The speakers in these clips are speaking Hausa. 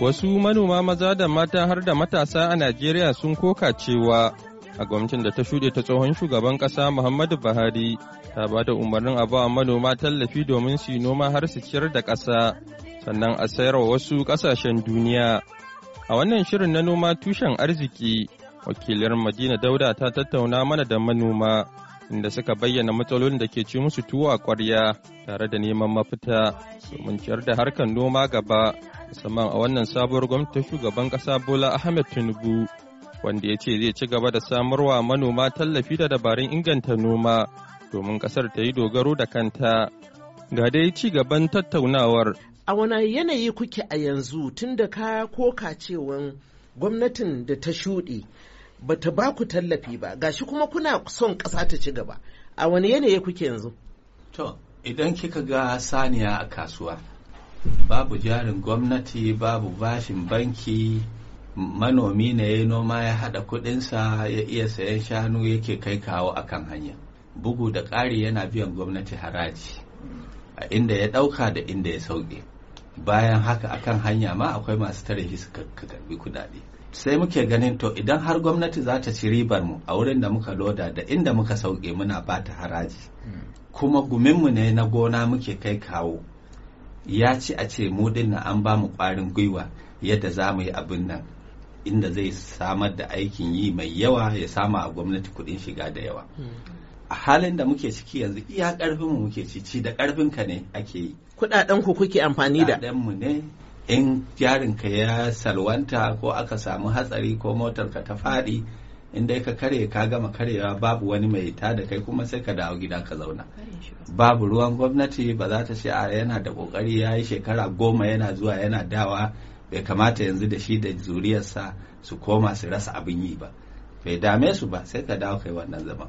Wasu manoma maza da mata har da matasa a Najeriya sun koka cewa a gwamnatin da ta shuɗe ta tsohon shugaban ƙasa Muhammadu Buhari ta ba da umarnin a bawa manoma tallafi domin su noma har su ciyar da ƙasa sannan a sayar wa wasu ƙasashen duniya. A wannan shirin na noma tushen arziki, wakiliyar Madina Dauda ta tattauna mana da manoma inda suka bayyana matsalolin da ke ci musu tuwo a ƙwarya tare da neman mafita domin ciyar da harkar noma gaba. musamman a wannan sabuwar gwamnatin shugaban kasa Bola Ahmed Tinubu wanda ya ce zai ci gaba da samarwa manoma tallafi da dabarun inganta noma domin kasar ta yi dogaro da kanta. Ga dai ci gaban tattaunawar. A wani yanayi kuke a yanzu tun da ka koka cewan gwamnatin da ta shuɗe ba ta ba ku tallafi ba gashi kuma kuna son ƙasa ta ci gaba a wani yanayi kuke yanzu? To, idan kika ga saniya a kasuwa babu jarin gwamnati babu bashin banki manomi ne ya noma ya haɗa kuɗinsa ya iya sayan shanu yake kai kawo a kan hanya bugu da ƙari yana biyan gwamnati haraji a inda ya ɗauka da inda ya sauke bayan haka a kan hanya ma akwai masu tare suka karbi kuɗaɗe sai muke ganin to idan har gwamnati za ta ci ribar mu a wurin da muka loda da inda muka sauƙe muna bata haraji hmm. kuma guminmu ne na gona muke kai kawo ya ci a ce mu dinnan an ba mu ƙwarin gwiwa yadda za mu yi abin nan inda zai samar da aikin yi mai yawa ya sama a gwamnati kuɗin shiga da yawa a halin da muke ciki yanzu iya ƙarfinmu muke cici da ƙarfinka ne ake yi kuɗaɗen ku kuke amfani da mu ne in jarinka ya salwanta ko aka samu hatsari ko motarka ta faɗi in dai ka kare ka gama karewa babu wani mai ta da kai kuma sai ka dawo gida ka zauna babu ruwan gwamnati ba za ta ce a yana da kokari ya yi shekara goma yana zuwa yana dawa bai kamata yanzu da shi da zuriyarsa su koma su rasa abin yi ba bai dame su ba sai ka dawo kai wannan zaman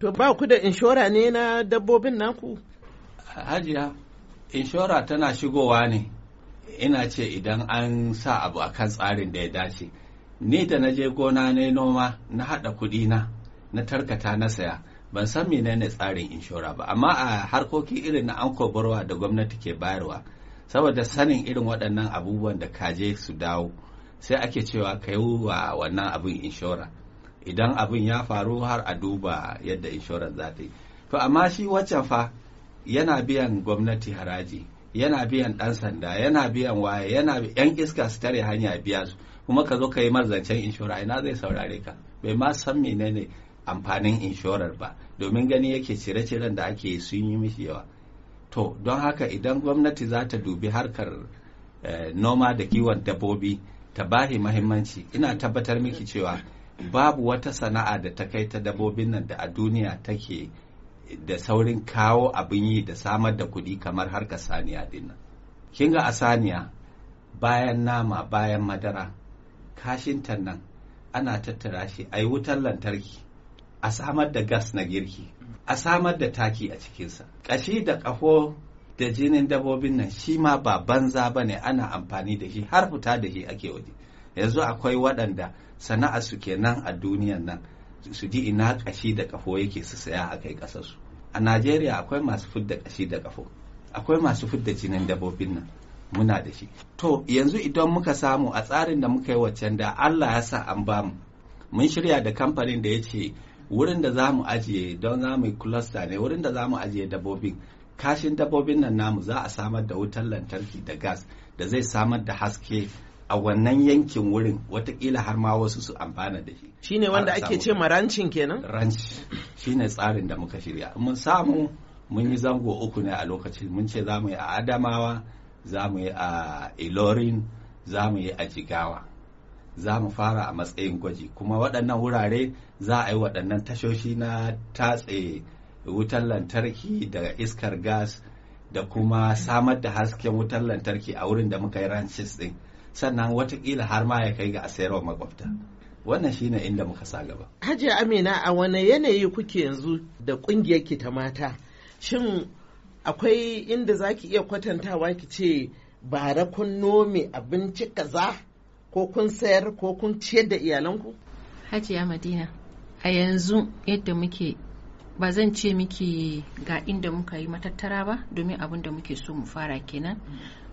to ba ku da inshora ne na dabbobin naku hajiya inshora tana shigowa ne ina ce idan an sa abu akan tsarin da ya dace ni da na je gona na noma na haɗa kuɗi na na tarkata na saya ban san menene tsarin inshora ba amma a harkokin irin na anko barwa da gwamnati ke bayarwa saboda sanin irin waɗannan abubuwan da ka je su dawo sai ake cewa ka yi wa wannan abin inshora idan abin ya faru har a duba yadda inshora za ta yi to amma shi waccan fa yana biyan gwamnati haraji yana biyan ɗan sanda yana biyan waye yana yan iska su tare hanya biya su kuma ka zo ka yi zancen inshora ina zai saurare ka bai ma san menene amfanin inshorar ba domin gani yake cire-ciren da ake sun yi mishi yawa to don haka idan gwamnati za ta dubi harkar eh, noma da kiwon dabbobi ta bahi mahimmanci ina tabbatar miki cewa babu wata sana'a da ta kai ta dabbobin nan da a duniya take da saurin kawo abin yi da samar da kuɗi kamar harkar saniya dinnan kinga ga a saniya bayan nama bayan madara Kashin tannan, ana tattara shi a yi wutar lantarki a samar da gas na girki a samar da taki a cikinsa ƙashi da ƙafo da jinin dabobin nan shi ma ba banza ba ne ana amfani da shi har fita da shi ake waje yanzu akwai waɗanda sana'a su nan a duniyan nan su ji ina ƙashi da ƙafo yake su saya a kai ƙasarsu a najeriya akwai masu fidda ƙashi da ƙafo. akwai masu fidda jinin dabobin nan muna da shi to yanzu idan muka samu a tsarin da muka yi waccan da allah ya sa an bamu mun shirya da kamfanin da ya ce wurin da za mu ajiye don za mu yi cluster ne wurin da za mu ajiye dabbobin kashin dabobin nan namu za a samar da wutar lantarki da gas da zai samar da haske a wannan yankin wurin watakila har ma wasu su amfana da shi shine wanda ake ce ma rancin kenan shi ne tsarin da muka shirya mun samu mun yi zango uku ne a lokacin mun ce za mu yi a adamawa za mu yi a ilorin za mu yi a jigawa za mu fara a matsayin gwaji kuma waɗannan wurare za a yi waɗannan tashoshi na tatse wutar lantarki da iskar gas da kuma samar da hasken wutar lantarki a wurin da muka yi ranches ɗin sannan watakila har ma ya kai ga sayarwa makwabta wannan shine inda muka sa gaba hajiya amina a wane yanayi kuke yanzu da ƙungiyarki ta mata shin akwai inda za ki iya kwatantawa ki ce bara kun nome abinci kaza ko kun sayar ko kun ciyar da iyalanku? Hajiya Madina, a yanzu yadda muke ba zan ce muke ga inda muka yi matattara ba domin abin da muke so mu fara kenan.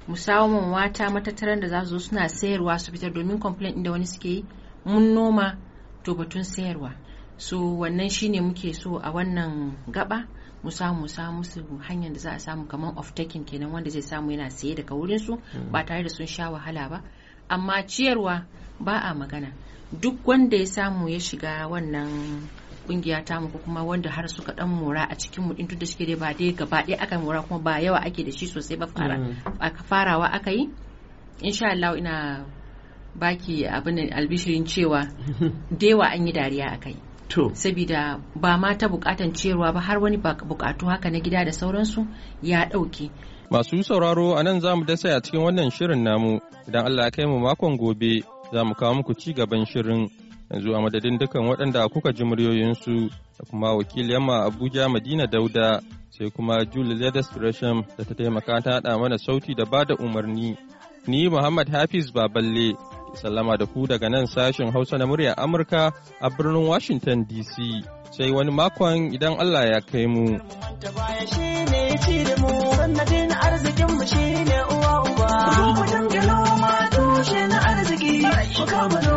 Musamman mata matattaran da za su zo suna sayarwa su fitar domin complain inda wani suke yi mun noma to batun sayarwa. So wannan shine muke so a wannan gaba mu samu samu su hanyar da za a samu kamar of taking kenan wanda zai samu yana saye daga wurin su mm. ba tare da sun sha wahala ba amma ciyarwa ba a magana duk wanda ya samu ya shiga wannan kungiya ta ko kuma wanda har suka dan mora a cikin mu din da shike dai ba dai gaba dai aka mora kuma ba yawa ake da shi sosai ba fara mm. aka farawa aka yi insha Allah ina baki abin albishirin cewa dewa an yi dariya akai to sabida ba ma ta bukatan ciyarwa ba har wani bukatu haka na gida da sauransu ya dauke masu sauraro a nan za mu dasa a cikin wannan shirin namu idan allah ya kai mu makon gobe za mu kawo muku ci gaban shirin yanzu a madadin dukan waɗanda kuka ji muryoyinsu da kuma wakil yamma abuja madina dauda sai kuma julie ledes gresham da ta taimaka ta haɗa mana sauti da ba da umarni ni muhammad hafiz baballe sallama da ku daga nan sashen Hausa na muryar Amurka a birnin Washington DC. Sai wani makon idan Allah ya kai mu. uwa uba. arziki.